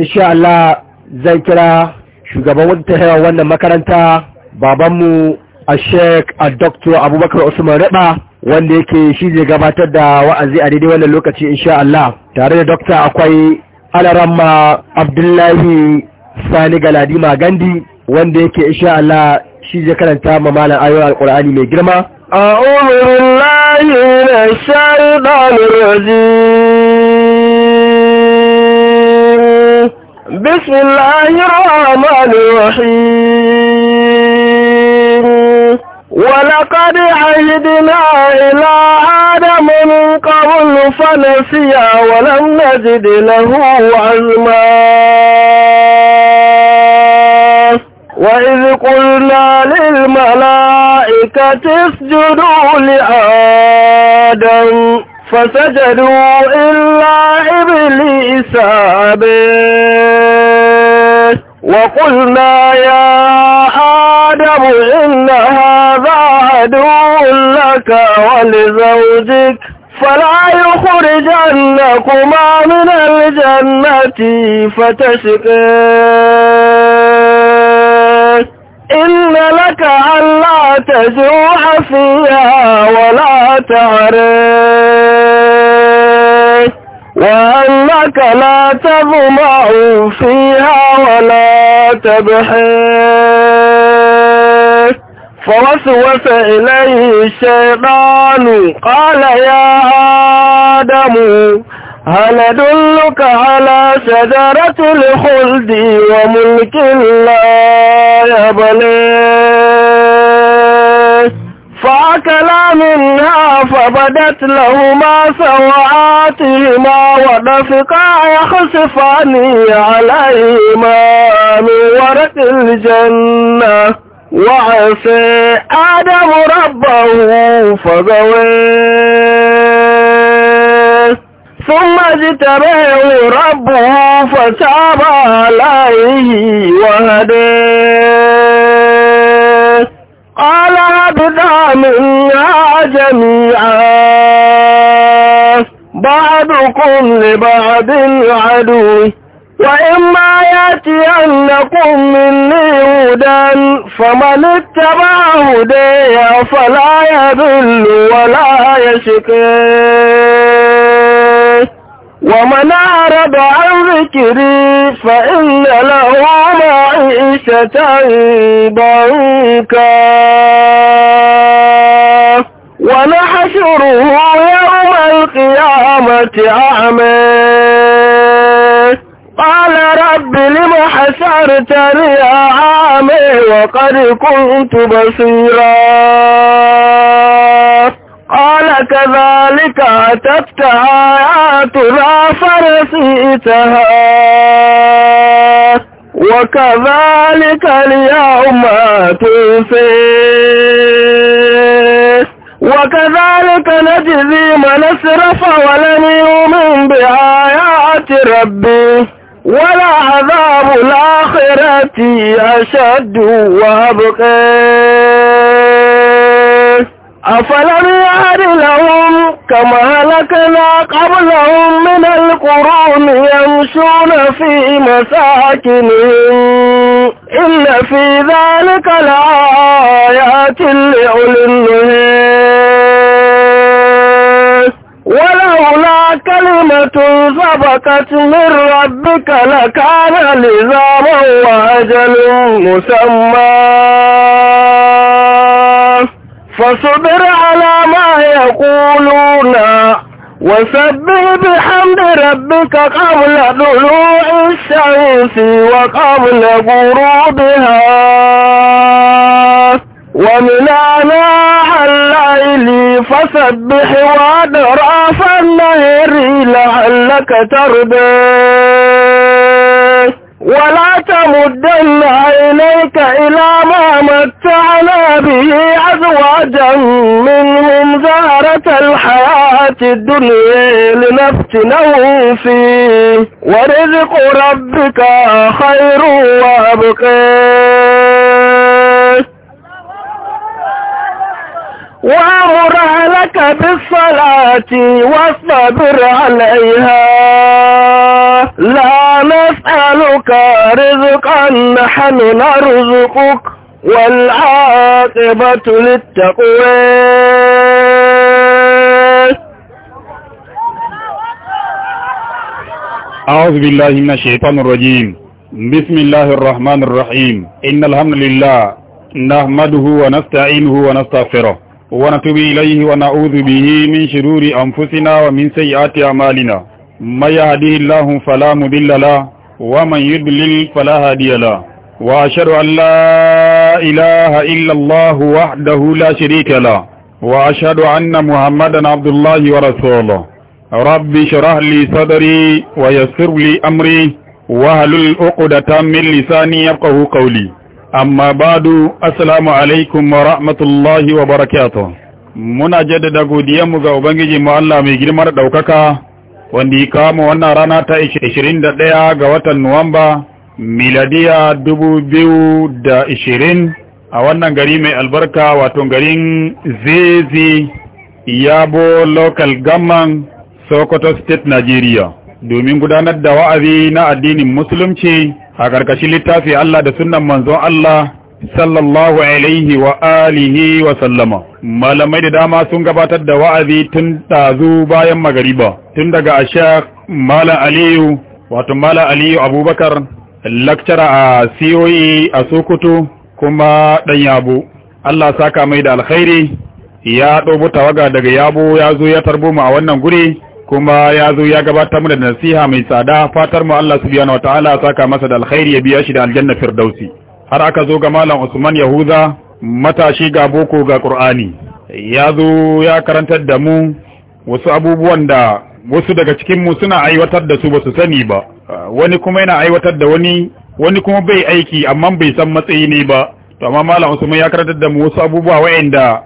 insha Allah zai kira shugaban wata wannan makaranta babanmu a shek a doktor abubakar usman riba wanda yake shi zai gabatar da wa'azi a daidai wannan lokaci insha Allah tare da dokta akwai alaramma abdullahi sani galadima gandi wanda yake insha Allah shi zai karanta ma malam ayoyin alkur'ani mai girma a'udhu billahi minash shaitanir rajim بسم الله الرحمن الرحيم ولقد عهدنا إلى آدم من قبل فنسيا ولم نجد له عزما وإذ قلنا للملائكة اسجدوا لآدم فسجدوا إلا إبليس أبيه وقلنا يا آدم إن هذا عدو لك ولزوجك فلا يخرجنكما من الجنة فتشقى إن لك ألا تجوع فيها ولا تعرف وأنك لا تظمع فيها ولا تبحث فوسوس إليه الشيطان قال يا آدم هل أدلك على شجرة الخلد وملك لا يبلد فأكلا فبدت لهما سوآتهما ودفقا يخسفان عليهما من ورق الجنة وعسى آدم ربه فغويه ثم اجتبه ربه فتاب عليه وهديه قال ابدا منا جميعا بعضكم لبعض العدو وإما يأتينكم مني هدى فمن اتبع هدي فلا يذل ولا يشكي ومن أعرض عن ذكري فإن له معيشة ضنكا ونحشره يوم القيامة أعمى قال رب لم حشرتني أعمى وقد كنت بصيرا قال كذلك أتت آياتنا فرسيتها وكذلك اليوم تنسي وكذلك نجزي من اسرف ولم يؤمن بآيات ربه ولا عذاب الآخرة أشد وأبقى أفلم يهد لهم كما هلكنا قبلهم من القرون يمشون في مساكنهم إن في ذلك لآيات لأولي النهي ولولا كلمة سبقت من ربك لكان لزاما وأجل مسمى فاصبر على ما يقولون وسبح بحمد ربك قبل طلوع الشمس وقبل غروبها ومن آناء الليل فسبح وأدراف النهر لعلك ترضي ولا تمدن عينيك إلى ما متعنا به أزواجا منهم زهرة الحياة الدنيا لنفتنهم فيه ورزق ربك خير وأبقي وامر لك بالصلاة واصبر عليها لا نسألك رزقا نحن نرزقك والعاقبة للتقوى أعوذ بالله من الشيطان الرجيم بسم الله الرحمن الرحيم إن الحمد لله نحمده ونستعينه ونستغفره ونتوب إليه ونعوذ به من شرور أنفسنا ومن سيئات أعمالنا ما يهدي الله فلا مضل له ومن يضلل فلا هادي له وأشهد أن لا إله إلا الله وحده لا شريك له وأشهد أن محمدا عبد الله ورسوله رب اشرح لي صدري ويسر لي أمري وهل الأقدة من لساني يفقه قولي amma badu assalamu alaikum wa rahmatullahi wa barakatuh muna jaddada godiyanmu ga ubangiji mu Allah mai girmar daukaka wanda ya kama wannan rana ta 21 ga watan Nuwamba miladiya 2020 a wannan gari mai albarka wato garin Zezi Yabo Local Government Sokoto State Nigeria domin gudanar da wa'azi na addinin musulunci a ƙarƙashin littafi Allah da sunan manzon Allah sallallahu alaihi wa alihi wa sallama malamai da dama sun gabatar da wa'azi tun ɗazu bayan magariba tun daga ashaq Malam aliyu wato Malam aliyu abubakar lakcara a siyoyi e a sokoto kuma ɗan yabo allah saka mai da alkhairi ya ɗobo tawaga daga yabo ya zo ya tarbo mu a wannan guri kuma ya zo ya gabatar mana da nasiha mai tsada fatar mu Allah subhanahu wataala saka masa da alkhairi ya biya shi da aljanna firdausi har aka zo ga malam Usman Yahuza matashi ga boko ga Qur'ani ya zo ya karantar da mu wasu abubuwan da wasu daga cikin mu suna aiwatar da su ba su sani ba wani kuma yana aiwatar da wani wani kuma bai aiki amma bai san matsayi ne ba to amma malam Usman ya karantar da mu wasu abubuwa waɗanda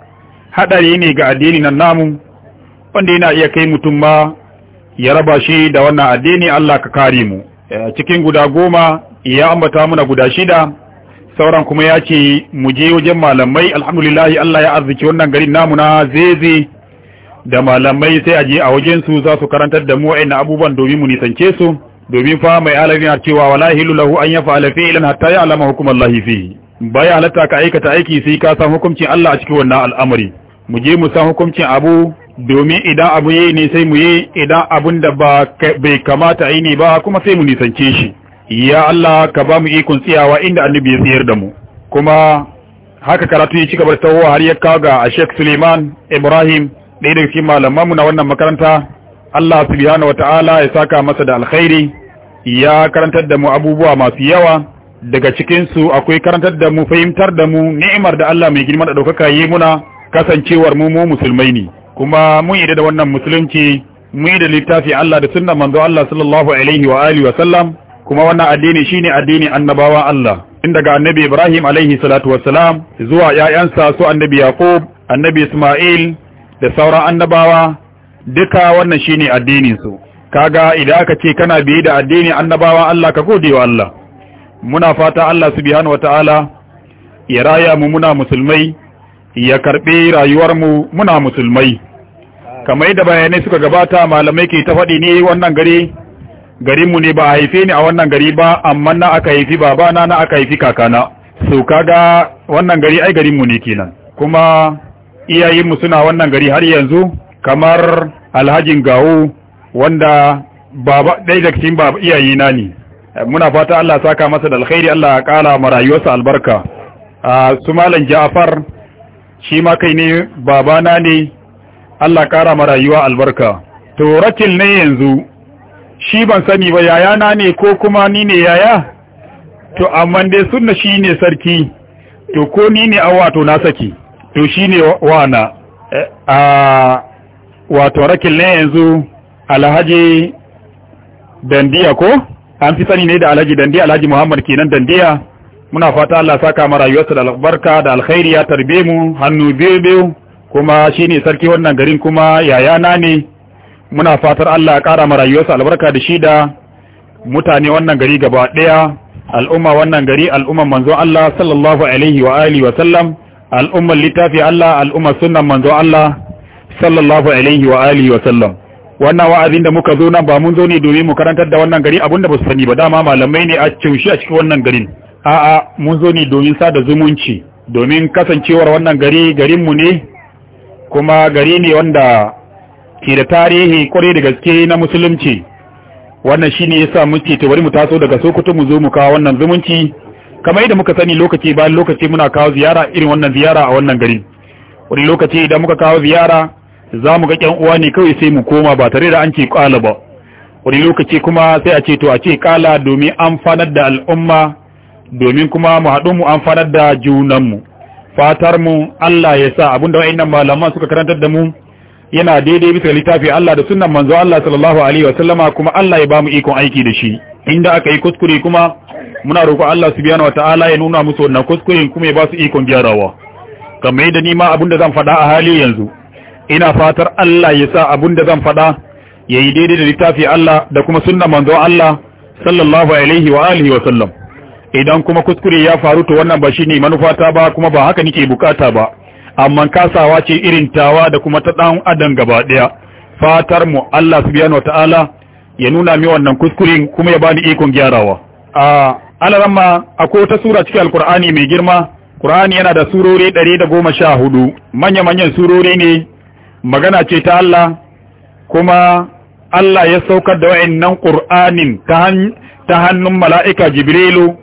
hadari ne ga addini nan namu wanda yana iya kai mutum ma ya raba shi da wannan addini Allah ka kare mu eh, cikin guda goma ya ambata muna guda shida sauran kuma ya ce mu je wajen malamai alhamdulillahi Allah ya arziki wannan garin namu na zeze da malamai sai a je a wajen su za su karantar da mu wa'annan abubuwan domin mu nisance su domin fa mai alamin har cewa wala hilu lahu an yafa'ala fi'lan hatta ya'lama hukum Allah fihi baya halatta ka aikata aiki sai ka san hukuncin Allah a cikin wannan al'amari mu je mu san hukuncin abu domin idan abu yayi ne sai mu yi idan abun da bai kamata yi ne ba kuma sai mu nisance shi ya Allah ka ba mu ikon tsiyawa inda annabi ya tsayar da mu kuma haka karatu ya ci gaba da har ya kawo ga Sheikh Suleiman Ibrahim ɗaya daga cikin malaman mu na wannan makaranta Allah subhanahu wataala ya saka masa da alkhairi ya karantar da mu abubuwa masu yawa daga cikinsu akwai karantar da mu fahimtar da mu ni'imar da Allah mai girma da daukaka yi muna kasancewar mu mu musulmai ne kuma mun yi da wannan musulunci mun yi da littafi Allah da sunnan manzo Allah sallallahu alaihi wa alihi wa sallam kuma wannan addini shine addini annabawa Allah tun daga annabi Ibrahim alaihi salatu wassalam zuwa ƴaƴansa su annabi Yaqub annabi Isma'il da sauran annabawa duka wannan shine addinin su kaga idan aka ce kana biye da addini annabawa Allah ka gode wa Allah muna fata Allah subhanahu wataala ya raya mu muna musulmai ya karɓi rayuwarmu muna musulmai kamar yadda bayanai suka gabata malamai ke ta faɗi ne wannan gari garinmu ne ba a haife ni a wannan gari ba amma na aka haifi babana na aka haifi kakana so kaga wannan gari ai garinmu ne kenan kuma iyayenmu suna wannan gari har yanzu kamar alhajin gawo wanda baba ɗaya daga cikin baba iyayena ne muna fata Allah saka masa da alkhairi Allah ya kara ma rayuwarsa albarka a ah, su malam Ja'far shi ma kai ne babana ne Allah ƙara ma rayuwa albarka to rakil ne yanzu shi ban sani ba yayana ne ko kuma ni ne yaya to amma dai sunna shi ne sarki to ko ni ne a wato na saki to shi ne wana eh, a wato rakil ne yanzu alhaji dandiya ko an fi sani ne da alhaji dandiya alhaji muhammad kenan dandiya muna fata Allah saka mu rayuwarsa da albarka da alkhairi ya tarbe mu hannu biyu biyu kuma shine sarki wannan garin kuma yayana ne muna fatar Allah ya kara mu rayuwarsa albarka da shi da mutane wannan gari gaba daya al'umma wannan gari al'umma manzo Allah sallallahu alaihi wa alihi wa sallam al'umman littafi Allah al'umma sunnan manzo Allah sallallahu alaihi wa alihi wa sallam wannan wa'azin da muka zo nan ba mun zo ne domin mu karantar da wannan gari abinda ba su sani ba dama malamai ne a cushe a cikin wannan garin a'a mun zo ne domin sada zumunci domin kasancewar wannan gari garinmu ne kuma gari ne wanda ke da tarihi kwarai da gaske na musulunci wannan shine yasa muke mu bari mu taso daga Sokoto mu zo mu kawo wannan zumunci kamar yadda muka sani lokaci bayan lokaci muna kawo ziyara irin wannan ziyara a wannan gari wani lokaci idan muka kawo ziyara za mu ga ƴan uwa ne kawai sai mu koma ba tare da an ce kala ba wani lokaci kuma sai a ce to a ce kala domin amfanar da al'umma domin kuma mu haɗu mu fadar da junanmu fatar mu Allah ya sa abinda wa'annan malaman suka karantar da mu yana daidai bisa littafi Allah da sunnan manzo Allah sallallahu alaihi wa sallama kuma Allah ya bamu ikon aiki da shi inda aka yi kuskure kuma muna roƙo Allah subhanahu wataala ya nuna musu wannan kuskuren kuma ya ba su ikon gyarawa kamar yadda ni ma abinda zan faɗa a hali yanzu ina fatar Allah ya sa abinda zan faɗa yayi daidai da littafi Allah da kuma sunnan manzo Allah sallallahu alaihi wa alihi wa sallam idan kuma kuskure ya faru to wannan ba shine manufata ba kuma ba haka nike bukata ba amma kasawa ce irin tawa da kuma ta dan adam gaba daya fatar mu Allah subhanahu wataala ya nuna mi wannan kuskuren kuma ya bani ikon gyarawa a alaramma akwai wata sura cikin alkur'ani mai girma Qur'ani yana da surori 114 manya-manyan surori ne magana ce ta Allah kuma Allah ya saukar da wa'annan Qur'anin ta hannun mala'ika Jibrilu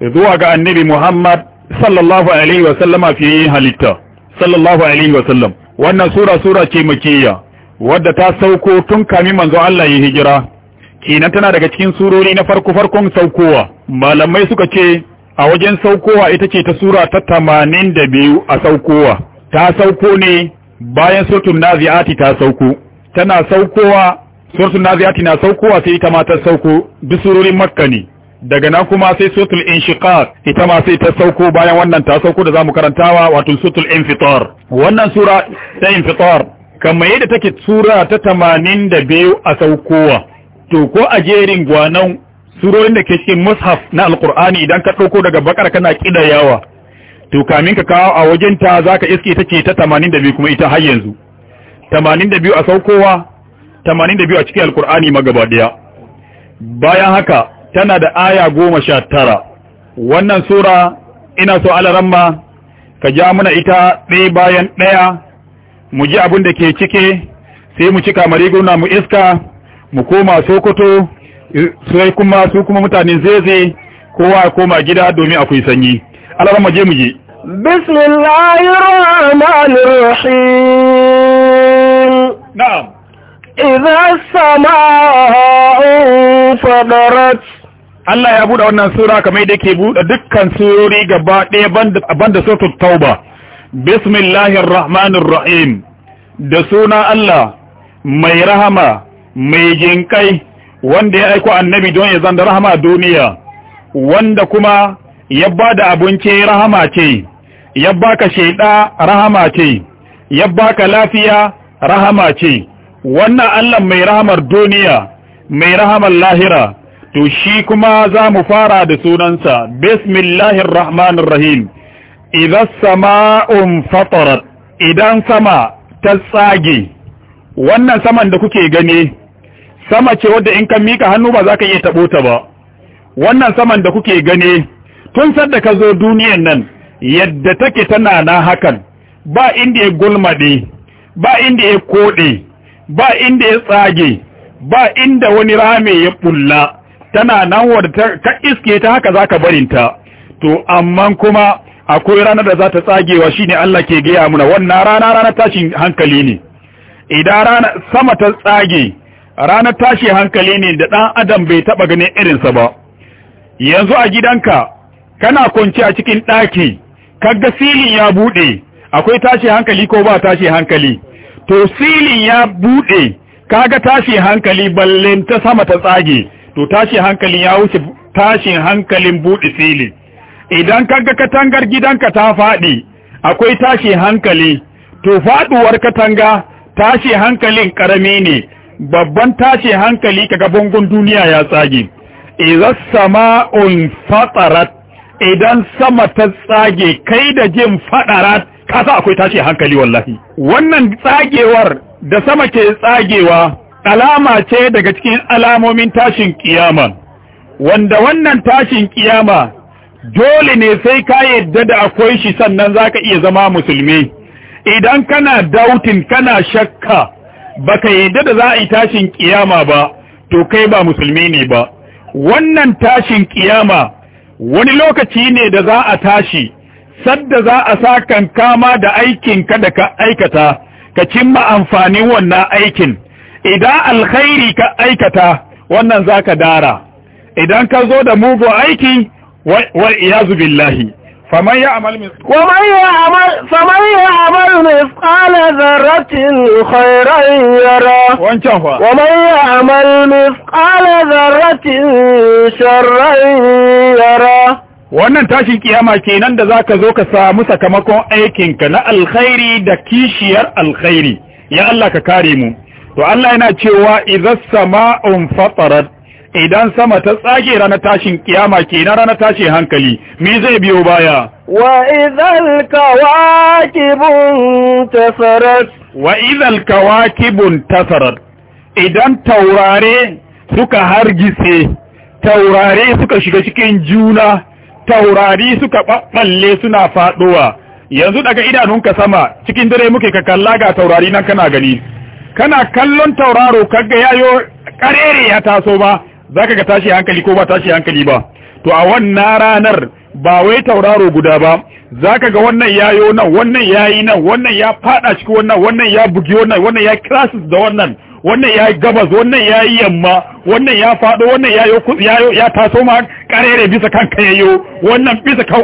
zuwa ga annabi Muhammad sallallahu alaihi wa sallama fiye halitta sallallahu alaihi wa sallam wannan sura sura ce makiyya wadda ta sauko tun kamin manzo Allah ya hijira kenan tana daga cikin surori na farko farkon saukowa malamai suka ce a wajen saukowa ita ce ta sura ta 82 a saukowa ta sauko ne bayan suratul naziati ta sauko tana saukowa suratul naziati na saukowa sai ita ma ta sauko duk surorin makka ne daga nan kuma sai sutul inshiqaq ita ma sai ta sauko bayan wannan ta sauko da zamu karantawa wato sutul infitar wannan sura ta infitar kamar yadda take sura ta 82 a saukowa to ko a jerin gwanan surorin da ke cikin mushaf na alqur'ani idan ka dauko daga bakara kana kidayawa to kamin ka kawo a wajen ta zaka iske ita ce ta 82 kuma ita har yanzu 82 a saukowa 82 a cikin alqur'ani magaba daya bayan haka tana da aya goma sha tara wannan sura ina so alaramma ka ja muna ita ɗaya bayan ɗaya mu ji abin da ke cike sai mu cika mariguna mu iska mu koma sokoto sai kuma su kuma mutanen zeze kowa koma gida domin akwai sanyi alaramma je mu je إذا السماء فضرت Allah ya buɗe wannan sura kamar da yake buɗe dukkan surori gaba ɗaya banda suratul tauba bismillahir rahmanir rahim da suna Allah mai rahama mai jinkai wanda ya aiko annabi don ya zanda rahama duniya wanda kuma ya bada abinci rahama ce ya baka sheda rahama ce ya baka lafiya rahama ce wannan Allah mai rahamar duniya mai rahamar lahira to shi kuma za mu fara da sunansa bismillahir rahmanir rahim idan un fatarat idan sama ta tsage wannan saman da kuke gane sama ce wadda in ka mika hannu ba za ka iya tabo ta ba wannan saman da kuke gane tun da ka zo duniyan nan yadda take tana na hakan ba inda ya gulmade ba inda ya kode ba inda ya tsage ba inda wani rame ya bulla tana nan wadda ka iske ta haka zaka barinta to amma kuma akwai rana da za ta tsagewa shine Allah ke gaya muna wannan rana ranar tashin hankali ne idan rana sama ta tsage ranar tashin hankali ne da ɗan adam bai taɓa ganin irinsa ba yanzu a gidanka kana kwance a cikin ɗaki kaga silin ya buɗe akwai tashi hankali ko ba tashin hankali to silin ya buɗe kaga tashin hankali ballen ta sama ta tsage to tashi hankalin ya wuce tashin hankalin buɗe fili idan kaga katangar gidanka ta faɗi akwai tashi hankali to faɗuwar katanga tashi hankalin ƙarami ne babban tashi hankali kaga bangon duniya ya tsage idan sama'un fatarat idan sama ta tsage kai da jin fadarat kasa akwai tashi hankali wallahi wannan tsagewar da sama ke tsagewa alama ce daga cikin alamomin tashin kiyama wanda wannan tashin kiyama dole ne sai ka yadda da akwai shi sannan za ka iya zama musulmi idan kana dautin kana shakka ba ka yadda da za a yi tashin kiyama ba to kai ba musulmi ne ba wannan tashin kiyama wani lokaci ne da za a tashi sadda za a sa kankama da aikinka da ka aikata ka cimma amfanin wannan aikin idan alkhairi ka aikata wannan zaka dara idan ka zo da mugu aiki wal iyazu billahi faman khairan yara sharran yara wannan tashin kiyama kenan da zaka zo ka samu sakamakon aikinka na alkhairi da kishiyar alkhairi ya Allah ka kare mu to Allah yana cewa idan sama'un fatarat idan sama ta tsage ranar tashin kiyama kenan ranar tashin hankali me zai biyo baya wa idhal kawakibun tasarat wa idhal kawakibun tasarat idan taurare suka hargitse taurare suka shiga cikin juna taurari suka ɓaɓɓalle suna faɗowa yanzu daga idanunka sama cikin dare muke ka kalla ga taurari nan kana gani kana kallon tauraro kaga yayo karere ya taso ba zaka ga tashi hankali ko ba tashi hankali ba to a wannan ranar ba wai tauraro guda ba zaka ga wannan yayo nan wannan yayi nan wannan ya fada cikin wannan wannan ya bugi wannan wannan ya crashes da wannan wannan ya gabas wannan ya yi yamma wannan ya faɗo wannan ya ya taso ma karere bisa kan kayayyo wannan bisa ka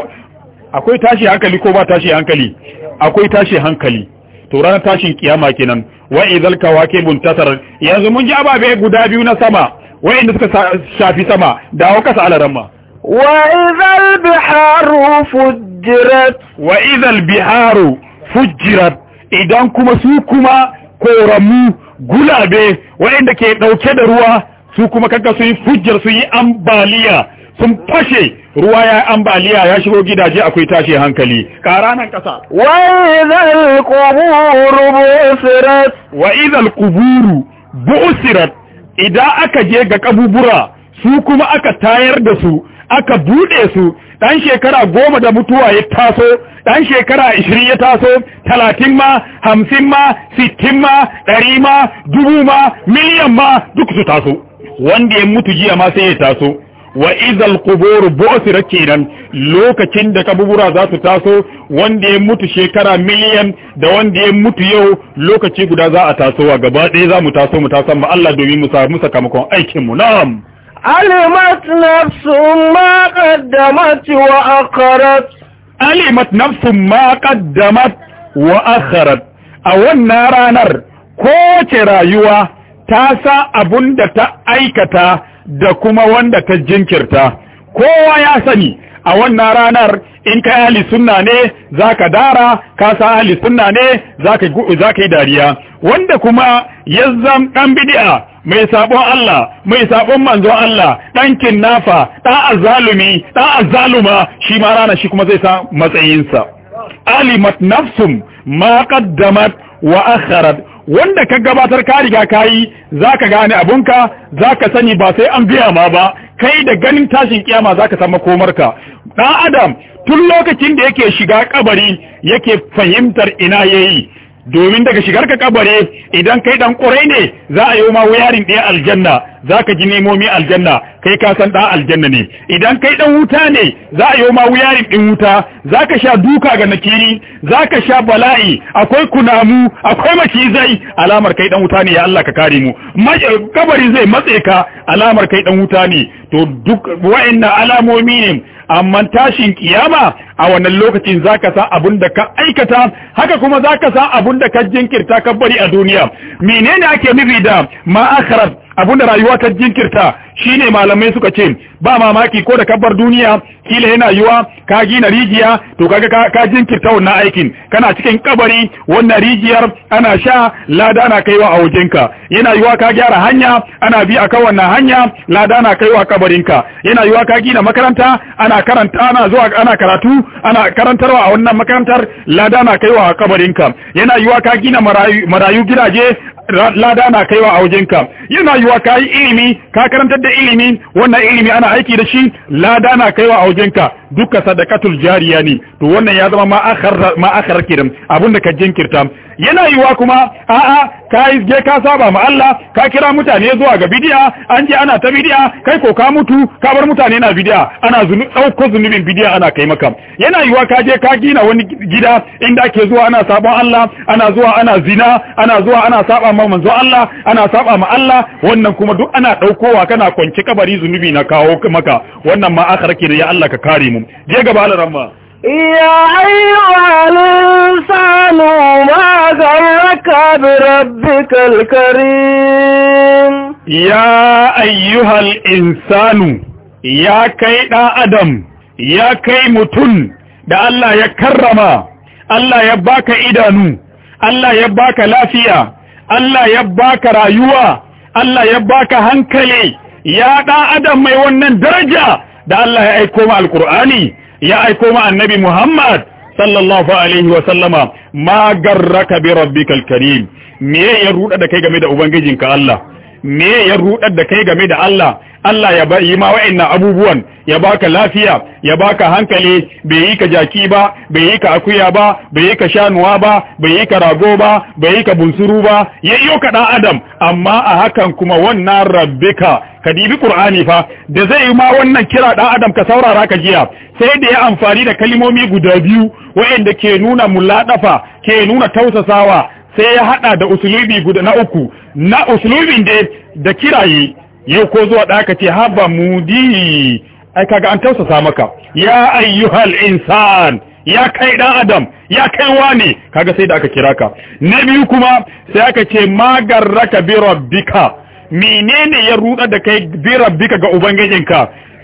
akwai tashi hankali ko ba tashi hankali akwai tashi hankali to ranar tashin kiyama kenan wa'izal kawake kawakib yanzu mun ji ababe guda biyu na sama wa'inda suka shafi sama dawo kasa alaramma. wa'izal biharu fujirat biharu fujirat idan kuma su kuma koramu gulabe wa'inda ke dauke da ruwa su kuma kanka su yi fujjar su yi ambaliya sun fashe ruwa ya ambaliya ya shigo gidaje akwai tashi hankali ƙara nan ƙasa wa idhal qubur busirat wa idhal qubur busirat idan aka je ga kabubura su kuma aka tayar da su aka bude su dan shekara goma da mutuwa ya taso dan shekara ishirin ya taso talatin ma hamsin ma sittin ma 100 ma dubu ma miliyan ma duk su taso wanda ya mutu jiya ma sai ya taso wa idal quburu bu'thira kenan lokacin da kabubura za su taso wanda ya mutu shekara miliyan da wanda ya mutu yau lokaci guda za a tasowa gaba ɗaya za mu taso mu tasan ma Allah domin mu samu sakamakon aikinmu mu na'am alimat nafsun ma qaddamat wa akharat alimat nafsun ma qaddamat wa akharat a wannan ranar kowace rayuwa ta sa abun da ta aikata da kuma wanda ka jinkirta kowa ya sani a wannan ranar in ka yi sunna ne zaka dara ka sa ahli sunna ne zaka zaka yi dariya wanda kuma yazzam ɗan bid'a mai sabon Allah mai sabon manzon Allah dan kinnafa ɗan azalumi ɗan azaluma shi ma ranar shi kuma zai sa matsayinsa alimat nafsum ma qaddamat wa akharat wanda ka gabatar ka riga ka yi za ka gane abunka za ka sani ba sai an biya ma ba kai da ganin tashin kiyama za ka sami komarka ɗan adam tun lokacin da yake shiga kabari yake fahimtar ina ya yi domin daga shigar ka kabare idan kai dan kurai ne za a yi ma wayarin ɗaya aljanna za ka ji nemomi aljanna kai ka san ɗan aljanna ne idan kai ɗan wuta ne za a yi ma wayarin ɗin wuta za ka sha duka ga nakiri za ka sha bala'i akwai kunamu akwai macizai alamar kai ɗan wuta ne ya Allah ka kare mu kabari zai matse ka alamar kai ɗan wuta ne to duk wa'annan alamomi ne amma tashin kiyama a wannan lokacin za ka sa abun da ka aikata haka kuma za ka sa abun da ka jinkirta ka bari a duniya menene ake nufi da ma'akarar. abun da rayuwa ta jinkirta shine malamai suka ce ba mamaki ko da kabbar duniya kila yana yiwa ka gina rijiya to kaga ka jinkirta wannan aikin kana cikin kabari wannan rijiyar ana sha lada na kaiwa a wajenka yana yiwa ka gyara hanya ana bi akan wannan hanya lada na kaiwa kabarinka yana yiwa ka gina makaranta ana karanta ana zuwa ana karatu ana karantarwa a wannan makarantar lada na kaiwa kabarinka yana yiwa ka gina marayu gidaje lada na kaiwa a wajenka yana yiwa ka yi ilimi ka karantar da ilimi wannan ilimi ana aiki da shi lada na kaiwa a wajenka duka sadakatul jariya ne to wannan ya zama ma akhar da kiran abinda ka jinkirta yana yiwa kuma a'a ka je ka saba ma Allah ka kira mutane zuwa ga bidiya an je ana ta bidiya kai ko ka mutu ka bar mutane na bidiya ana dauko zunubin bidiya ana kai maka yana yiwa ka je ka gina wani gida inda ake zuwa ana sabon Allah ana zuwa ana zina ana zuwa ana saba ma manzo Allah ana saba ma Allah wannan kuma duk ana daukowa kana kwanci kabari zunubi na kawo maka wannan ma akhar ne da ya Allah ka kare mu je gaba Allah يا أيها الإنسان ما غرك بربك الكريم يا أيها الإنسان يا كيدا أدم ya kai متن da Allah ya karrama Allah ya baka idanu Allah ya baka lafiya Allah ya baka rayuwa Allah ya baka hankali ya ɗan adam mai wannan daraja da Allah ya aiko ma alkur'ani ya aiko ma annabi Muhammad sallallahu alaihi wa sallama ma garraka bi rabbikal karim me ya ruda da kai game da ubangijinka Allah me ya rudar da kai game da Allah Allah ya bari ma wa'annan abubuwan ya baka lafiya ya baka hankali bai yi ka jaki ba bai yi ka akuya ba bai yi ka shanuwa ba bai yi ka rago ba bai yi ka bunsuru ba ya iyo ka dan adam amma a hakan kuma wannan rabbika ka dibi qur'ani fa da zai yi ma wannan kira dan adam ka saurara ka jiya sai da ya amfani da kalimomi guda biyu wa'anda ke nuna muladafa ke nuna tausasawa sai ya hada da usulubi guda na uku na usulubin da da kiraye yau ko zuwa da aka ce haba mudi ai kaga an tausasa maka ya ayyuhal insan ya kai dan adam ya kai wani kaga sai da aka kira ka na biyu kuma sai aka ce magarraka bi rabbika menene ya ruda da kai bi rabbika ga ubangijinka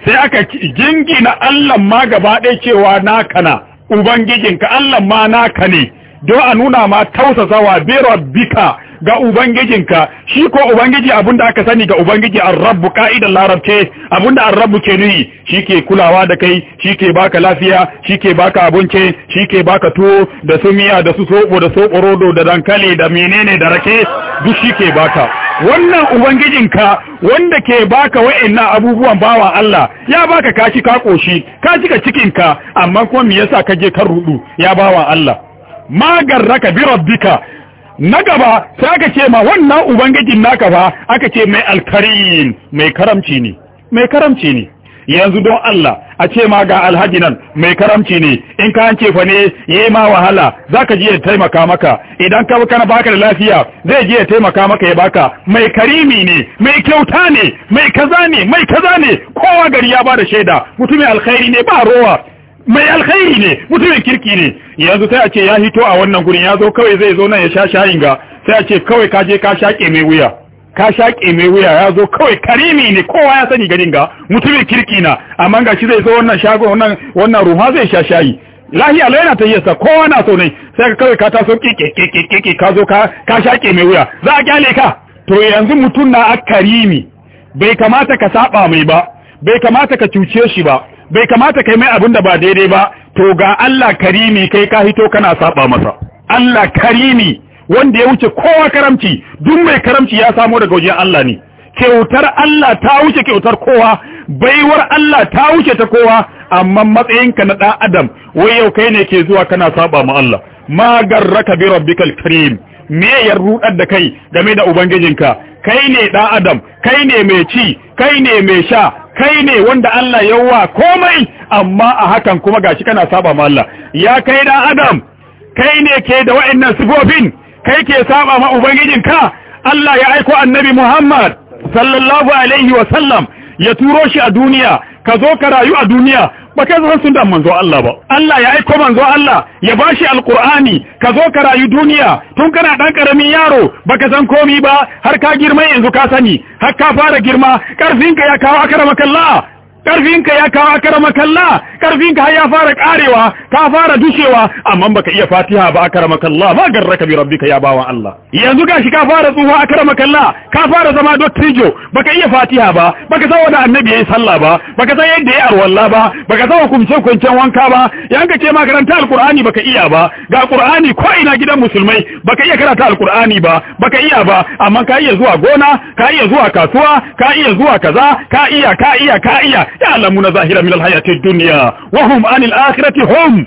sai aka jingina Allah ma gaba ɗaya cewa naka na ubangijinka Allah ma naka ne don a nuna ma tausasawa bi rabbika ga ubangijinka shi ko ubangiji da aka sani ga ubangiji arrabu rabbu ka'idar larabce abinda da rabbu ke nuyi shike kulawa da kai shike baka lafiya shike baka abinci shike baka tuwo da su miya da su sobo da sokorodo da dankali da menene da rake duk shike baka wannan ubangijinka wanda ke baka wa'annan abubuwan bawa Allah ya baka kashi ka koshi ka cika cikinka amma kuma me yasa ka kan rudu ya bawa Allah garraka bi rabbika na gaba sai aka ce ma wannan ubangijin naka fa aka ce mai alkarin mai karamci ne mai karamci ne yanzu don Allah a ce ma ga alhaji nan mai karamci ne in ka hance fa ne yayi ma wahala zaka je ya taimaka maka idan ka kana baka da lafiya zai je ya taimaka maka ya baka mai karimi ne mai kyauta ne mai kaza ne mai kaza ne kowa gari ya ba da shaida mutumin alkhairi ne ba rowa mai alkhairi ne mutumin kirki ne yanzu sai a ce ya hito a wannan gurin ya zo kawai zai zo nan ya sha shayin ga sai a ce kawai ka je ka shaƙe mai wuya ka shaƙe mai wuya ya zo kawai karimi ne kowa ya sani ganin ga mutumin kirki na amma ga shi zai zo wannan shago wannan wannan ruha zai sha shayi lahiya lai na tayyasa kowa na so ne sai ka kawai ka taso kike ka zo ka ka shaƙe mai wuya za a kyale ka to yanzu mutum na akarimi bai kamata ka saba mai ba bai kamata ka cuce shi ba bai kamata kai mai abin da ba daidai ba to ga Allah karimi kai ka hito kana saba masa Allah karimi wanda ya wuce kowa karamci duk mai karamci ya samo daga wajen Allah ne kyautar Allah ta wuce kyautar kowa baiwar Allah ta wuce ta kowa amma matsayinka na ɗan adam wai yau kai ne ke zuwa kana saba ma Allah Magar Raka bi rabbikal karim me ya rudar da kai game da ubangijinka kai ne ɗan adam kai ne mai ci kai ne mai sha kai ne wanda Allah yauwa komai amma a hakan kuma gashi kana saba ma Allah ya kai dan adam kai ne ke da wa'annan sifofin kai ke saba ma ka? Allah ya aiko annabi Muhammad sallallahu alaihi wa sallam ya turo shi a duniya ka zo ka rayu a duniya ba kai zan sun da manzo Allah ba Allah ya aiko manzo Allah ya bashi alqur'ani ka zo ka rayu duniya tun kana dan karamin yaro baka san komi ba har ka girma yanzu ka sani har ka fara girma karfin ka ya kawo akara Allah ƙarfinka ya kawo karama kalla ƙarfinka har ya fara ƙarewa ta fara dushewa amma baka iya fatiha ba akarama kalla ma garraka bi rabbika ya Allah yanzu gashi ka fara tsufa akarama kalla ka fara zama dottijo baka iya fatiha ba baka san wani annabi yayin sallah ba baka san yadda yayi arwalla ba baka san hukunce hukuncen wanka ba yanka ce ma karanta alqur'ani baka iya ba ga qur'ani ko ina gidan musulmai baka iya karanta alqur'ani ba baka iya ba amma ka iya zuwa gona ka iya zuwa kasuwa ka iya zuwa kaza ka iya ka iya ka iya ya'lamuna zahira min alhayati ad-dunya wa hum anil akhirati hum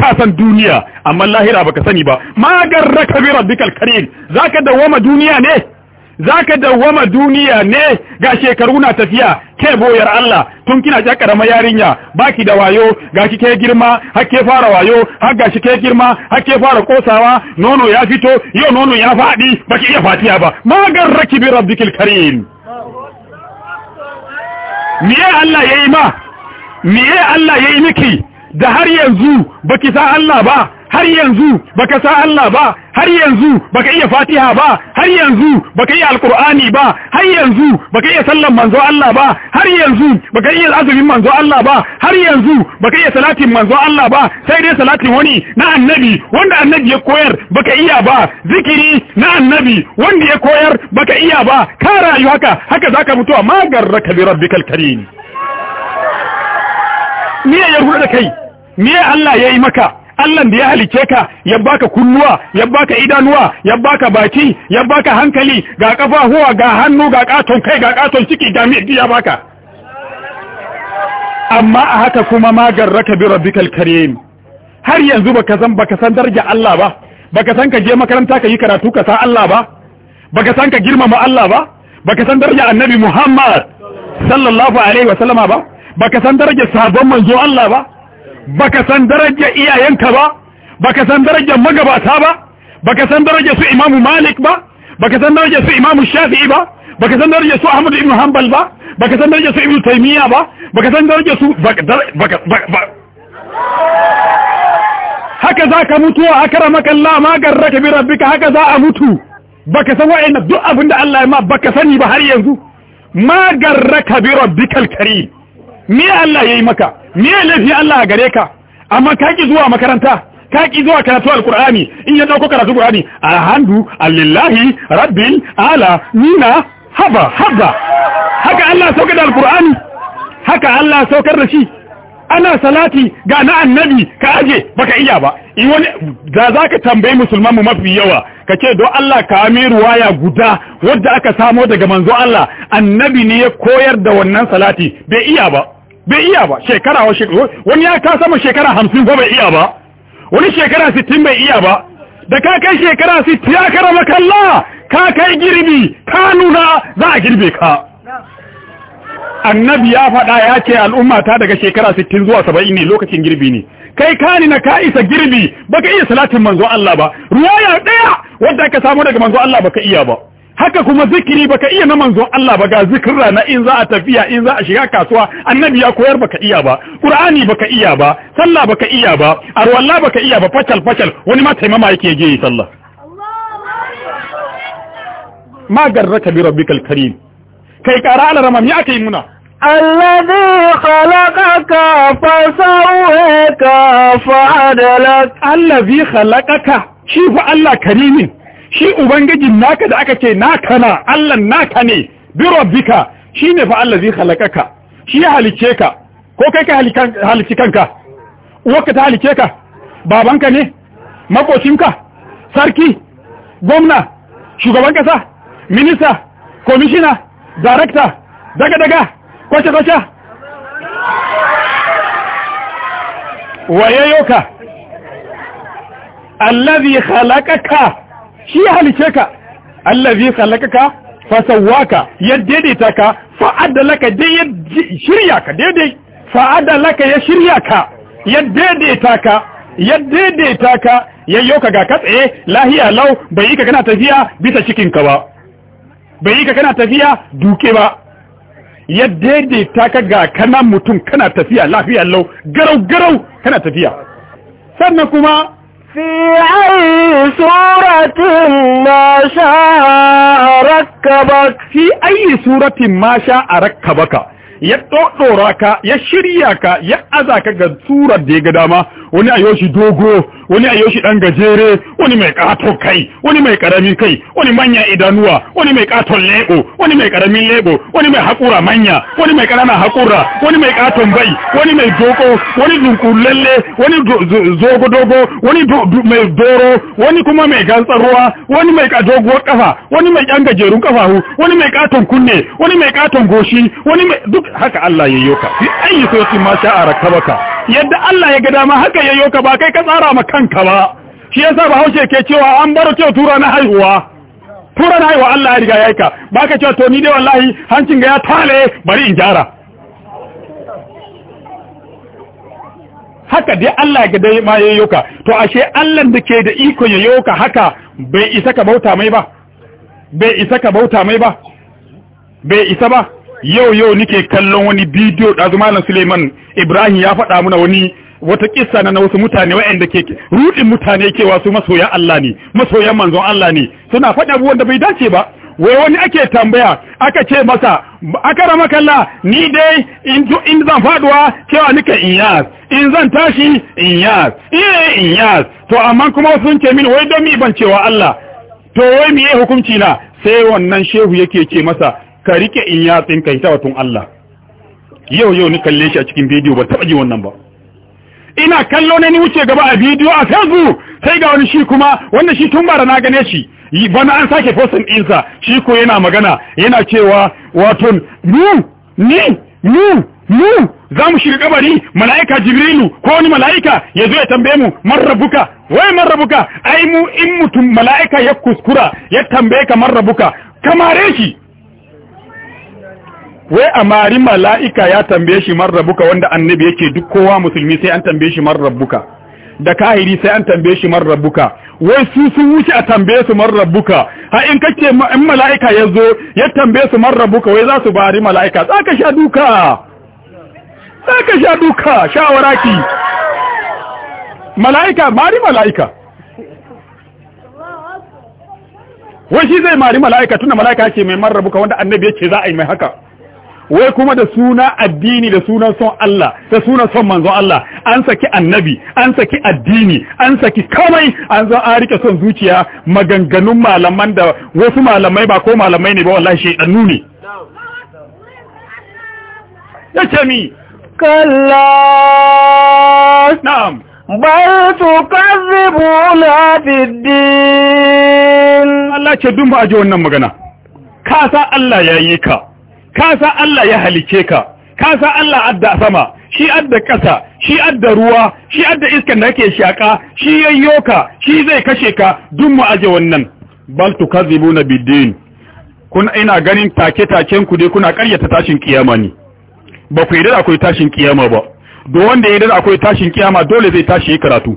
ka san duniya amma lahira baka sani ba ma garraka bi rabbikal karim zaka dawama duniya ne zaka dawama duniya ne ga shekaru na tafiya ke boyar Allah tun kina ja karama yarinya baki da wayo gashi ke girma har ke fara wayo har gashi ke girma har ke fara kosawa nono ya fito yau nono ya fadi baki iya fatiya ba ma garraki bi rabbikal karim miye Allah yi ma miye Allah yayi miki da har yanzu baki sa Allah ba har yanzu baka sa Allah ba har yanzu baka iya Fatiha ba har yanzu baka iya Alkur'ani ba har yanzu baka iya sallan manzo Allah ba har yanzu baka iya azumin manzo Allah ba har yanzu baka iya salatin manzo Allah ba sai dai salatin wani na annabi wanda annabi ya koyar baka iya ba zikiri na annabi wanda ya koyar baka iya ba ka rayu haka haka zaka mutuwa magarraka bi rabbikal karim me ya da kai me Allah yayi maka Allah da ya halice ka ya baka kunnuwa ya baka idanuwa ya baka baki ya baka hankali ga kafafuwa ga hannu ga katon kai ga katon ciki ga mai ya baka amma a haka kuma magar raka bi rabbikal karim har yanzu baka san baka san darja Allah ba baka san ka je makaranta ka yi karatu ka san Allah ba baka san ka girmama Allah ba baka san darja annabi Muhammad sallallahu alaihi wa ba baka san daraja sabon manzo Allah ba baka san darajar iyayenka ba baka san darajar magabata ba baka san darajar su imamu malik ba baka san darajar su imamu shafi'i ba baka san darajar su Ahmadu ibn hanbal ba baka san darajar su ibn taymiya ba baka san darajar su haka za ka mutu a karamakan lama garraka bi rabbika haka za a mutu baka san wa'annan duk abinda Allah ya ma baka sani ba har yanzu ma garraka bi rabbikal karim me Allah yayi maka me laifi Allah a gare ka amma ka ki zuwa makaranta ka ki zuwa karatu alkur'ani in ya dauko karatu alkur'ani alhamdu lillahi rabbil ala nina haba haba haka Allah saukar da alkur'ani haka Allah saukar da shi ana salati ga na annabi ka aje baka iya ba in wani da zaka tambayi musulman mu mafi yawa kace do Allah ka ami ruwaya guda wadda aka samo daga manzo Allah annabi ne ya koyar da wannan salati bai iya ba bai iya ba shekara wani ya ka sama shekara hamsin ko bai iya ba wani shekara sittin bai iya ba da ka kai shekara sittin ya kara makalla ka kai girbi ka nuna za a girbe ka annabi ya faɗa ya ce al'umma ta daga shekara sittin zuwa saba'in ne lokacin girbi ne kai kani na ka isa girbi baka iya salatin manzo Allah ba ruwaya ɗaya wadda ka samu daga manzo Allah baka iya ba haka kuma zikiri baka iya na manzon Allah ba ga zikirra na in za a tafiya in za a shiga kasuwa annabi ya koyar baka iya ba qur'ani baka iya ba sallah baka iya ba arwalla baka iya ba fatal fatal wani ma taimama yake je sallah ma garraka bi rabbikal karim kai kara alarama me aka yi muna الذي خلقك فسواك فعدلك الذي shi fa Allah كريم shi ubangijin naka da aka ce naka na Allah naka ne bi rabbika shine fa allazi khalaqaka shi ya halice ka ko kai ka halici kanka uwarka ta halice ka babanka ne makocinka sarki gwamna shugaban kasa minista komishina darakta daga-daga kwace-kwace wayayoka allazi khalaqaka shi ya halice ka allazi khalaqaka fa sawwaka ya daidaita ka fa adalaka dai ya shirya ka daidai fa adalaka ya shirya ka ya daidaita ka ya daidaita ka yayyo ka ga katse lahiya lau bai yi ka kana tafiya bisa cikin ka ba bai yi ka kana tafiya duke ba ya daidaita ka ga kana mutum kana tafiya lafiya lau garau garau kana tafiya sannan kuma fi ayi suratin masha a rakka ba ya ɗoɗora ka, ya shirya ka, ya azaka ga surar da ya ga dama, wani a shi dogo wani a yau shi dan gajere wani mai katon kai wani mai karamin kai wani manya idanuwa wani mai katon lebo wani mai karamin lebo wani mai hakura manya wani mai karama hakura wani mai katon bai wani mai dogo wani dunkulalle wani zogo dogo wani mai doro wani kuma mai gantsar ruwa wani mai kadogo kafa wani mai yan gajerun kafahu wani mai katon kunne wani mai katon goshi wani mai duk haka Allah yayyoka bi ma sha'ara kabaka yadda Allah ya ga dama haka ka yayyo ka ba kai ka tsara ma kanka ba shi yasa bahaushe ke cewa an baro kyau tura na haihuwa tura na haihuwa Allah ya riga ya aika ba ka cewa to ni dai wallahi hancin ga ya tale bari in gyara haka dai Allah ga dai ma yayyo ka to ashe Allah da ke da iko yayyo ka haka bai isa ka bauta mai ba bai isa ka bauta mai ba bai isa ba yau yau nike kallon wani bidiyo ɗazu malam Suleiman Ibrahim ya faɗa mana wani wata kissa na wasu mutane waɗanda ke rudin mutane cewa su masoya Allah ne masoyan manzon Allah ne suna faɗa abubuwan da bai dace ba wai wani ake tambaya aka ce masa aka rama kalla ni dai in zan faduwa cewa nika inyas in zan tashi inyas eh inyas to amma kuma sun ce min wai don mi ban cewa Allah to wai miye hukunci na sai wannan shehu yake ce masa ka rike din ka hita watun Allah yau yau ni kalle shi a cikin bidiyo ba taɓa ji wannan ba ina kallo ne ni wuce gaba a bidiyo a facebook sai ga wani shi kuma wanda shi tun bara na gane shi bana an sake fosin ɗinsa shi ko yana magana yana cewa wato mu ni mu mu za mu shiga kabari mala'ika jibrilu ko wani mala'ika ya zo ya tambaye mu marrabuka wai marrabuka ai mu in mutum mala'ika ya kuskura ya tambaye ka marrabuka kamare shi wai a mari mala'ika ya tambaye shi man rabbuka wanda annabi yake duk kowa musulmi sai an tambaye shi man rabbuka da kahiri sai an tambaye shi man rabbuka wai su sun wuce a tambaye su man rabbuka ha in kake in mala'ika ya zo ya tambaye su man rabbuka wai za su bari mala'ika za ka sha duka za ka sha duka ki? mala'ika mari mala'ika wai shi zai mari mala'ika tunda mala'ika ce mai man rabbuka wanda annabi yake za a yi mai haka wai kuma da suna addini da sunan son Allah da sunan son manzon Allah an saki annabi an saki addini an saki kamai an zo an rike son zuciya maganganun malaman da wasu malamai ba ko malamai ne ba wallahi shedannu ne yace mi kalla na'am bal tukazzibuna biddin Allah ce dun ba aje wannan magana ka sa Allah yayi ka ka sa Allah ya halice ka ka sa Allah adda sama shi adda ƙasa shi adda ruwa shi adda iskan da kake shaka shi yayyo ka shi zai kashe ka duk mu aje wannan bal tukazibuna biddin kun ina ganin take-taken ku dai kuna karyata tashin kiyama ne ba ku yarda akwai tashin kiyama ba Do wanda ya yarda akwai tashin kiyama dole zai tashi karatu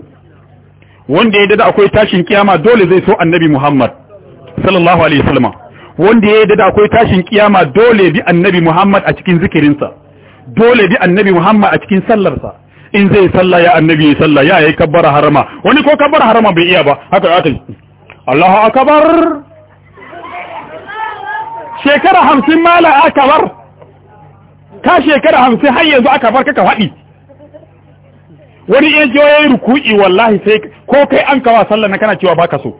wanda ya yarda akwai tashin kiyama dole zai so annabi Muhammad sallallahu alaihi wasallam wanda ya yi da akwai tashin kiyama dole bi annabi Muhammad a cikin zikirinsa dole bi annabi Muhammad a cikin sallarsa in zai sallah ya annabi ya sallah ya yi kabbara harama wani ko kabbara harama bai iya ba haka ya kai Allahu akabar shekara hamsin mala akabar ka shekara hamsin har yanzu akabar kaka faɗi wani iya ya yi ruku'i wallahi sai ko kai an kawa sallar na kana cewa baka so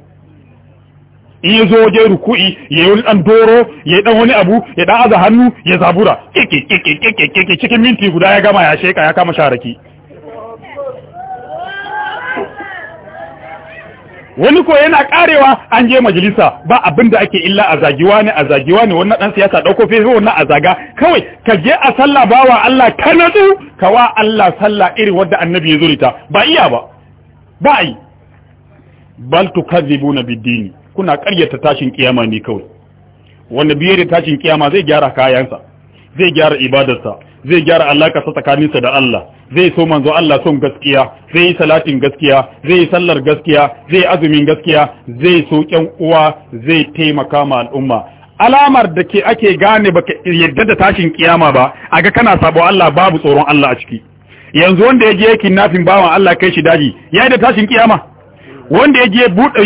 in ya zo waje ruku'i ya yi wani dan doro ya dan wani abu ya dan aza hannu ya zabura kike kike cikin minti guda ya gama ya sheka ya kama sharaki wani ko yana karewa an je majalisa ba abin da ake illa a zagiwa ne a ne wannan dan siyasa dauko fefe wannan a zaga kawai ka je a sallah bawa Allah ka ka wa Allah sallah irin wanda annabi ya zurita ba iya ba ba ai bal tukadhibuna bid-dini kuna ƙaryata tashin kiyama ne kawai wanda biye da tashin kiyama zai gyara kayansa zai gyara ibadarsa zai gyara sa tsakaninsa da Allah zai so manzo Allah son gaskiya zai yi salatin gaskiya zai yi sallar gaskiya zai azumin gaskiya zai so ƙyan uwa zai taimaka ma al'umma alamar da ke ake gane baka yadda da tashin kiyama ba a ga kana sabo Allah babu tsoron Allah a ciki yanzu wanda ya je yakin nafin bawan Allah kai shi daji ya yi da tashin kiyama wanda ya je buɗe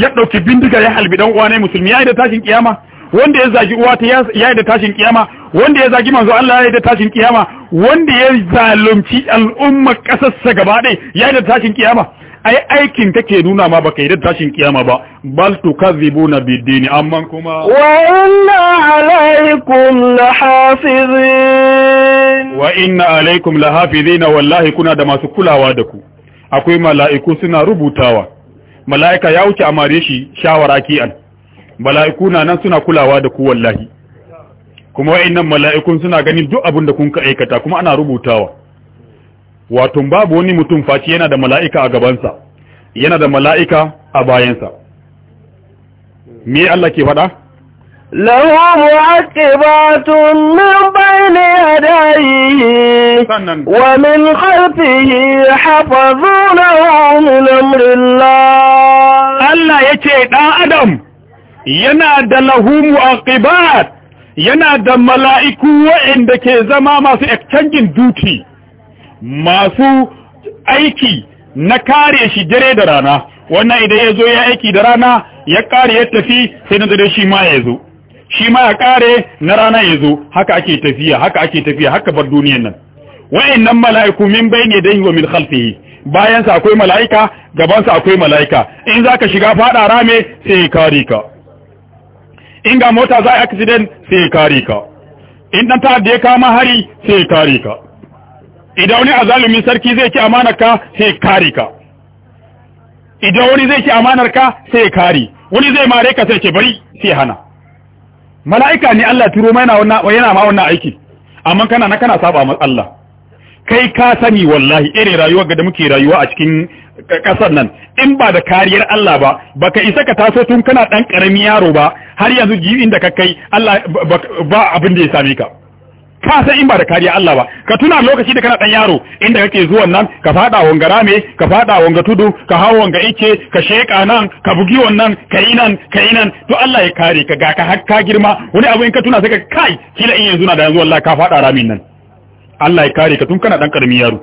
ya ɗauki bindiga ya halbi dan uwa ne musulmi ya yi da tashin kiyama wanda ya zagi uwa ta ya yi da tashin kiyama wanda ya zagi manzo Allah ya yi da tashin kiyama wanda ya zalunci al'umma kasarsa gaba ɗaya ya yi da tashin kiyama ai aikin kake nuna ma baka yi da tashin kiyama ba bal tukazibuna bid-dini amma kuma wa inna alaikum lahafizin wa inna alaikum lahafizin wallahi kuna da masu kulawa da ku akwai mala'iku suna rubutawa mala'ika ya wuce mare shi shawara ki'an mala'iku na nan suna kulawa da ku wallahi kuma wa'annan mala'ikun suna ganin duk abin da kun ka aikata kuma ana rubutawa wato babu wani mutum faci yana da mala'ika a gabansa yana da mala'ika a bayansa me Allah ke faɗa له معقبات من بين يديه ومن خلفه حفظونه من أمر الله الله يتي دا أدم ينادى له معقبات ينادى ملائكو وعندك زما ما في اكتنجن دوتي ما سو aiki na kare shi dare da rana wannan idan ya zo ya aiki da rana ya kare ya tafi sai na da shi ma ya zo shi ma ya kare na rana ya zo haka ake tafiya haka ake tafiya haka bar duniyan nan nan mala'iku min ne dai wa min khalfihi bayan sa akwai mala'ika gaban sa akwai mala'ika in zaka shiga fada rame sai ya kare ka in ga mota za accident sai ya kare ka in dan da ya kama hari sai ya kare ka idan wani azalumin sarki zai ci amanar ka sai ya kare ka idan wani zai ci amanar ka sai ya kare wani zai mare ka sai ce bari sai hana mala'ika ne Allah turo ma yana ma wannan aiki amma kana na kana saba masu Allah kai ka sani wallahi irin rayuwar da muke rayuwa a cikin kasar nan in ba da kariyar Allah ba ba ka isa ka taso tun kana ɗan ƙarami yaro ba har yanzu jiwin da ka kai Allah ba abin da ya same ka ka san in ba da kariya Allah ba ka tuna lokaci da kana dan yaro inda kake zuwan nan ka fada wanga rame ka fada wanga tudu ka hawo wanga ice ka sheka nan ka bugi wannan ka yi nan ka yi nan to Allah ya kare ka ga ka har ka girma wani abu in ka tuna sai ka kai kila in yanzu na da yanzu wallahi ka fada ramin nan Allah ya kare ka tun kana dan karamin yaro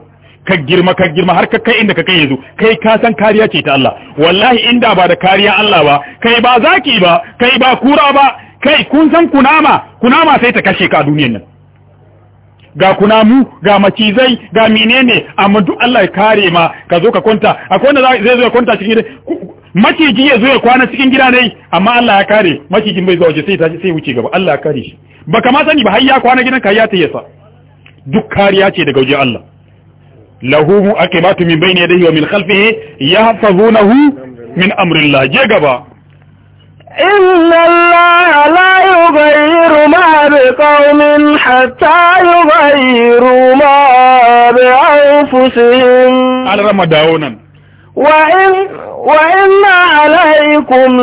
ka girma ka girma har ka kai inda ka kai yanzu kai ka san kariya ce ta Allah wallahi inda ba da kariya Allah ba kai ba zaki ba kai ba kura ba kai kun san kunama kunama sai ta kashe ka a duniyar nan ga kunamu ga macizai ga menene amma duk Allah ya kare ma ka zo ka kwanta akwai wanda zai zo ya kwanta cikin gida maciji ya zo ya kwana cikin gida ne amma Allah ya kare macijin bai zo waje sai sai wuce gaba Allah ya kare shi ba kama sani ba har ya kwana gidan ka ya ta yasa duk kariya ce daga wajen Allah lahu mu'aqibatu min bayni yadihi wa min khalfihi yahfazunahu min amrillah je gaba Inna la yughayyiru ma biqawmin hatta yughayyiru ma bi'anfusihim. An rama Wa in wa inna alaykum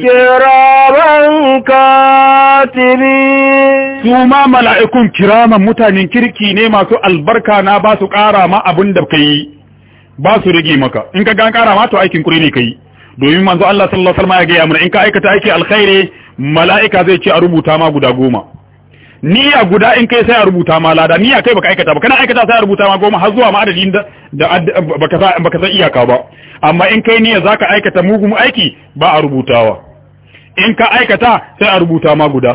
Kiraman katibi. Su ma mala'ikun kiraman mutanen kirki ne masu albarka na basu su ƙara ma abin da ka ba su rigi maka in ka gan kara ma to aikin kure ne kai domin manzo Allah sallallahu alaihi wasallam ya gaya mana in ka aikata aiki alkhairi mala'ika zai ce a rubuta ma guda goma niyya guda in kai sai a rubuta ma lada niyya kai baka aikata ba kana aikata sai a rubuta ma goma har zuwa ma adadin da baka sa baka san iyaka ba amma in kai niyya zaka aikata mugun aiki ba a rubutawa in ka aikata sai a rubuta ma guda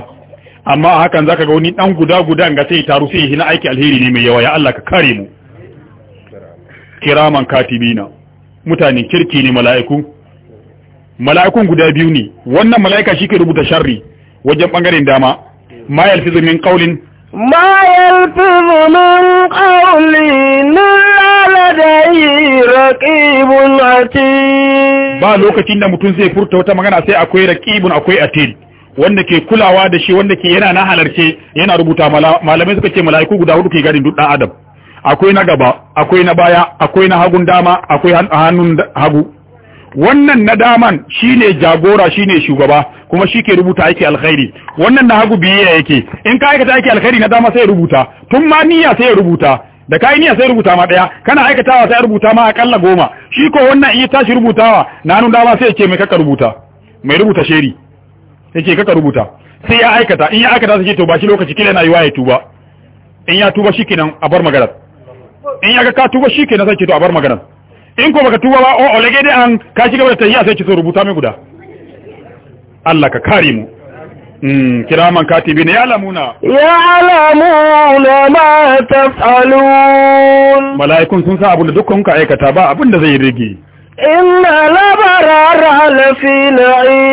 amma hakan zaka ga wani dan guda guda ga sai taru sai hina aiki alheri ne mai yawa ya Allah ka kare mu kiraman katibina mutanen kirki ne mala'iku mala'ikun guda biyu ne wannan mala'ika shi ke rubuta sharri wajen bangaren dama ma yalfizu min qawlin ma yalfizu min qawlin raqibun ba lokacin da mutum zai furta wata magana sai akwai raqibun akwai atil wanda ke kulawa da shi wanda ke yana na halarce yana rubuta malamai suka ce mala'iku guda hudu ke garin duk adam akwai na gaba akwai na baya akwai na hagun dama akwai hannun hagu wannan na daman shine jagora shine shugaba kuma shi ke rubuta ake alkhairi wannan na hagu biyayya yake in ka aikata ake alkhairi na dama sai rubuta tun ma niyya sai rubuta da kai niyya sai rubuta ma daya kana aikatawa sai rubuta ma akalla goma shi ko wannan in ya tashi rubutawa na hannun dama sai ce mai kaka rubuta mai rubuta sheri yake kaka rubuta sai ya aikata in ya aikata sai ce to ba shi lokaci kila na yiwa ya tuba in ya tuba shikenan a bar magana in ya ga ka tuba shi kenan sai ki to a bar maganar in ko baka tuba ba o oh, olege oh, dai an ka shiga da tayya sai ki so rubuta mai guda Allah ka kare mu mm kiraman ne ya lamuna ya lamuna ma tafalun malaikun sun sa da dukkan ka aikata ba da zai rige inna labarara lafi na'i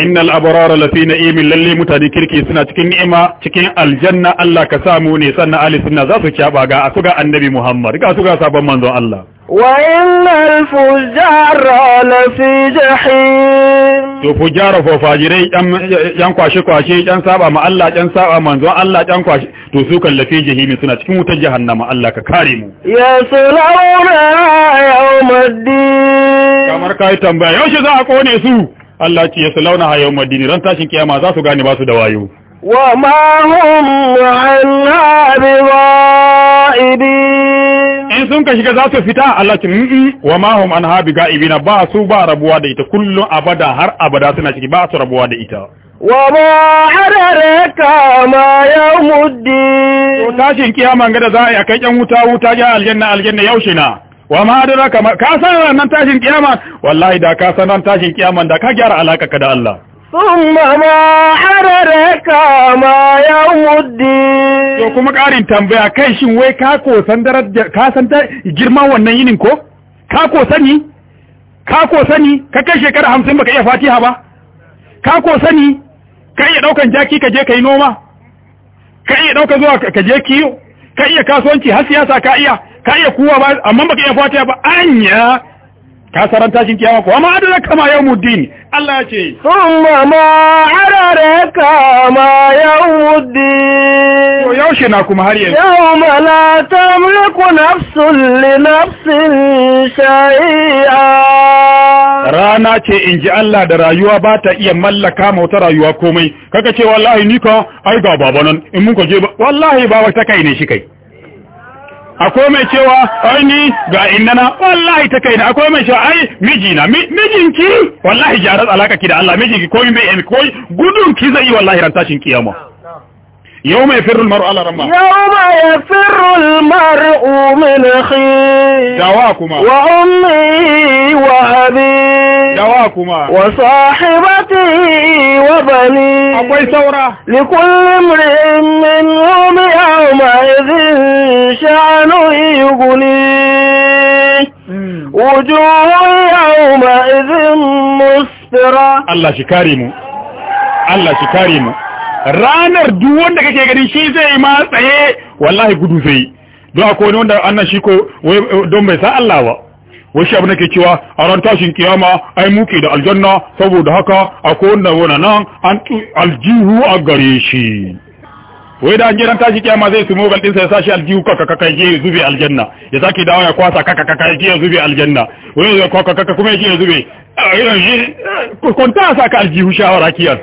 innal abrara lafi na'imin lalle mutane kirki suna cikin ni'ima cikin aljanna Allah ka samu ne sannan ali sunna za su kyaba ga su ga annabi Muhammad ga su ga sabon manzon Allah wa innal fujara lafi jahim to fujara fa fajirai yan kwashe kwashe yan saba ma Allah yan saba manzon Allah yan kwashe to su kan lafi jahimi suna cikin wutar jahannama Allah ka kare mu ya salauna yawmaddin kamar kai tambaya yaushe za a kone su Allah ce ya salauna ha yawmal madini ran tashin kiyama za su gane ba su da wayo wa ma hum anha biwaibin in sun ka shiga za su fita Allah ce mm wa ma hum habi ga'ibina ba su ba rabuwa da ita kullun abada har abada suna ciki ba su rabuwa da ita وما عررك ما يوم الدين tashin kiyama, ga da za a yi a kai yan wuta wuta ga aljanna aljanna yaushe na wa ma adara ka san ranan tashin kiyama wallahi da ka san ranan tashin kiyama da ka gyara alaka ka da Allah thumma ma ka ma yawmuddin to kuma karin tambaya kai shin wai ka ko san darajar ka san girman wannan yinin ko ka ko sani ka ko sani ka kai shekara hamsin baka iya fatiha ba ka ko sani ka iya daukan jaki ka je ka yi noma ka iya dauka zuwa ka je kiyo ka iya kasuwanci har siyasa ka iya ka iya kuwa ba amma baka iya fatiha ba anya ka saran tashin kiyama ko amma adala kama yawmuddin Allah ya ce thumma ma araraka ma yawmuddin to yaushe na kuma har yanzu yawma la tamliku nafsun li nafsin shay'a rana ce in ji Allah da rayuwa ba ta iya mallaka ma wata rayuwa komai kaka ce wallahi ni ka ai ga babanan in mun ka je ba. wallahi baba ta kai ne shi kai akwai mai cewa ai ni ga inana wallahi ta kaina akwai mai cewa ai na mijinki wallahi jarar alaka ki da Allah mijinki ko mai bai ko gudun ki zai yi wallahi rantashin tashin kiyama يوم يفر المرء لرمى يوم يفر المرء من أخيه دواكما وأمي وأبي دواكما وصاحبتي وبني أبوي ثورة لكل امرئ منهم يومئذ شأن يغنيه وجوه يومئذ مسفرة الله شكاري الله شكاري ranar duk wanda kake gani shi zai ma tsaye wallahi gudu zai yi don akwai wani wanda annan shi ko don bai san Allah ba wai shi abu nake cewa a ran tashin kiyama ai muke da aljanna saboda haka akwai wanda wani nan an aljihu a gare shi wai da an jiran tashi kiyama zai su mogal ɗinsa ya sashi aljihu kaka kaka je ya zube aljanna ya sake dawo ya kwasa kaka kaka je ya zube aljanna wai ya kaka kaka kuma ya je a zube kwanta sa ka aljihu shawara kiyar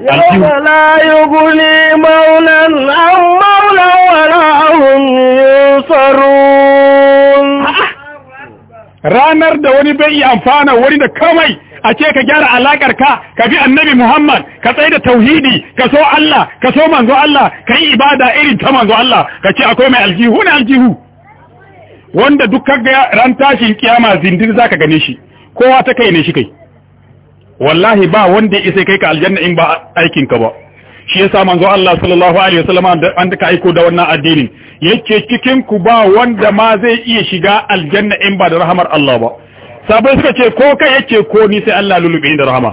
ranar da wani bai amfana wani da kawai a ce ka gyara alakar ka ka bi annabi Muhammad ka tsaye da tauhidi ka so Allah ka so manzo Allah ka yi ibada irin ta manzo Allah ka ce akwai mai aljihu ne aljihu wanda duk kaga ran tashin kiyama zindir zaka gane shi kowa ta kai ne shi kai wallahi ba wanda ya isa kai ka aljanna in ba aikin ka ba shi yasa manzo Allah sallallahu alaihi wasallam an ka aiko da wannan addinin yace cikin ku ba wanda ma zai iya shiga aljanna in ba da rahmar Allah ba sabai suka ce ko kai yace ko ni sai Allah lulube da rahama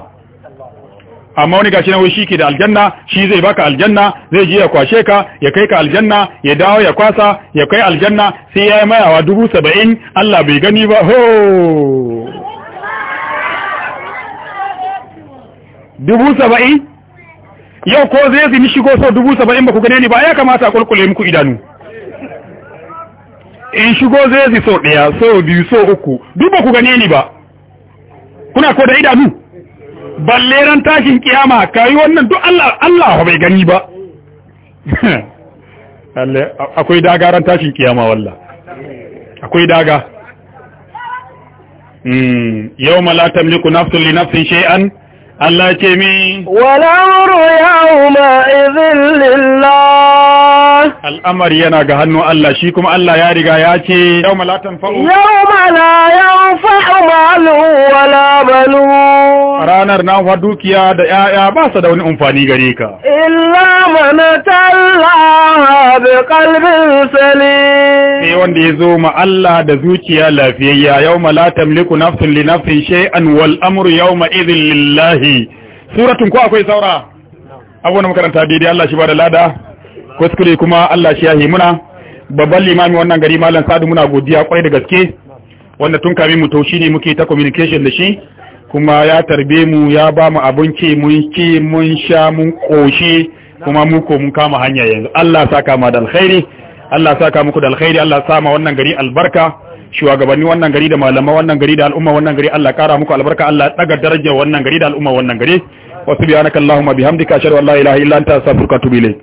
amma wani gashi na shi ke da aljanna shi zai baka aljanna zai je ya kwashe ka ya kai ka aljanna ya dawo ya kwasa ya kai aljanna sai ya yi mayawa dubu saba'in Allah bai gani ba ho dubu saba'in yau ko zai zini shigo so dubu saba'in ba ku gane ni ba ya kamata a kulkule muku idanu in shigo zai zai sau ɗaya sau biyu sau uku duk ku gane ni ba kuna ko da idanu balle ran tashin kiyama yi wannan duk Allah Allah bai gani ba akwai daga ran tashin kiyama walla akwai daga hmm, yau ma la tamliku nafsun li nafsin shay'an الله كمي ولا يومئذ لله al'amari yana ga hannun Allah shi kuma Allah ya riga ya ce yau latan fa'u yau mala yau fa'u malu wala balu ranar na fa dukiya da ‘ya'ya ba su da wani amfani gare ka illa mana talla bi kalbin salim sai wanda ya zo ma Allah da zuciya lafiyayya yau malatan liku nafsin li nafsin shay'an wal amru yau ma idin lillahi suratun ko akwai saura abubuwan makaranta daidai Allah shi ba da lada kuskure kuma Allah shi yahi muna babban limami wannan gari malam sadu muna godiya kwarai da gaske wanda tun kami mu taushi ne muke ta communication da shi kuma ya tarbe mu ya ba mu abinci mun ci mun sha mun koshe kuma mu ko mun kama hanya yanzu Allah saka ma da alkhairi Allah saka muku da alkhairi Allah sa ma wannan gari albarka shugabanni wannan gari da malama wannan gari da al'umma wannan gari Allah kara muku albarka Allah daga darajar wannan gari da al'umma wannan gari wa subhanakallahumma bihamdika ashhadu an la ilaha illa anta astaghfiruka wa atubu ilayk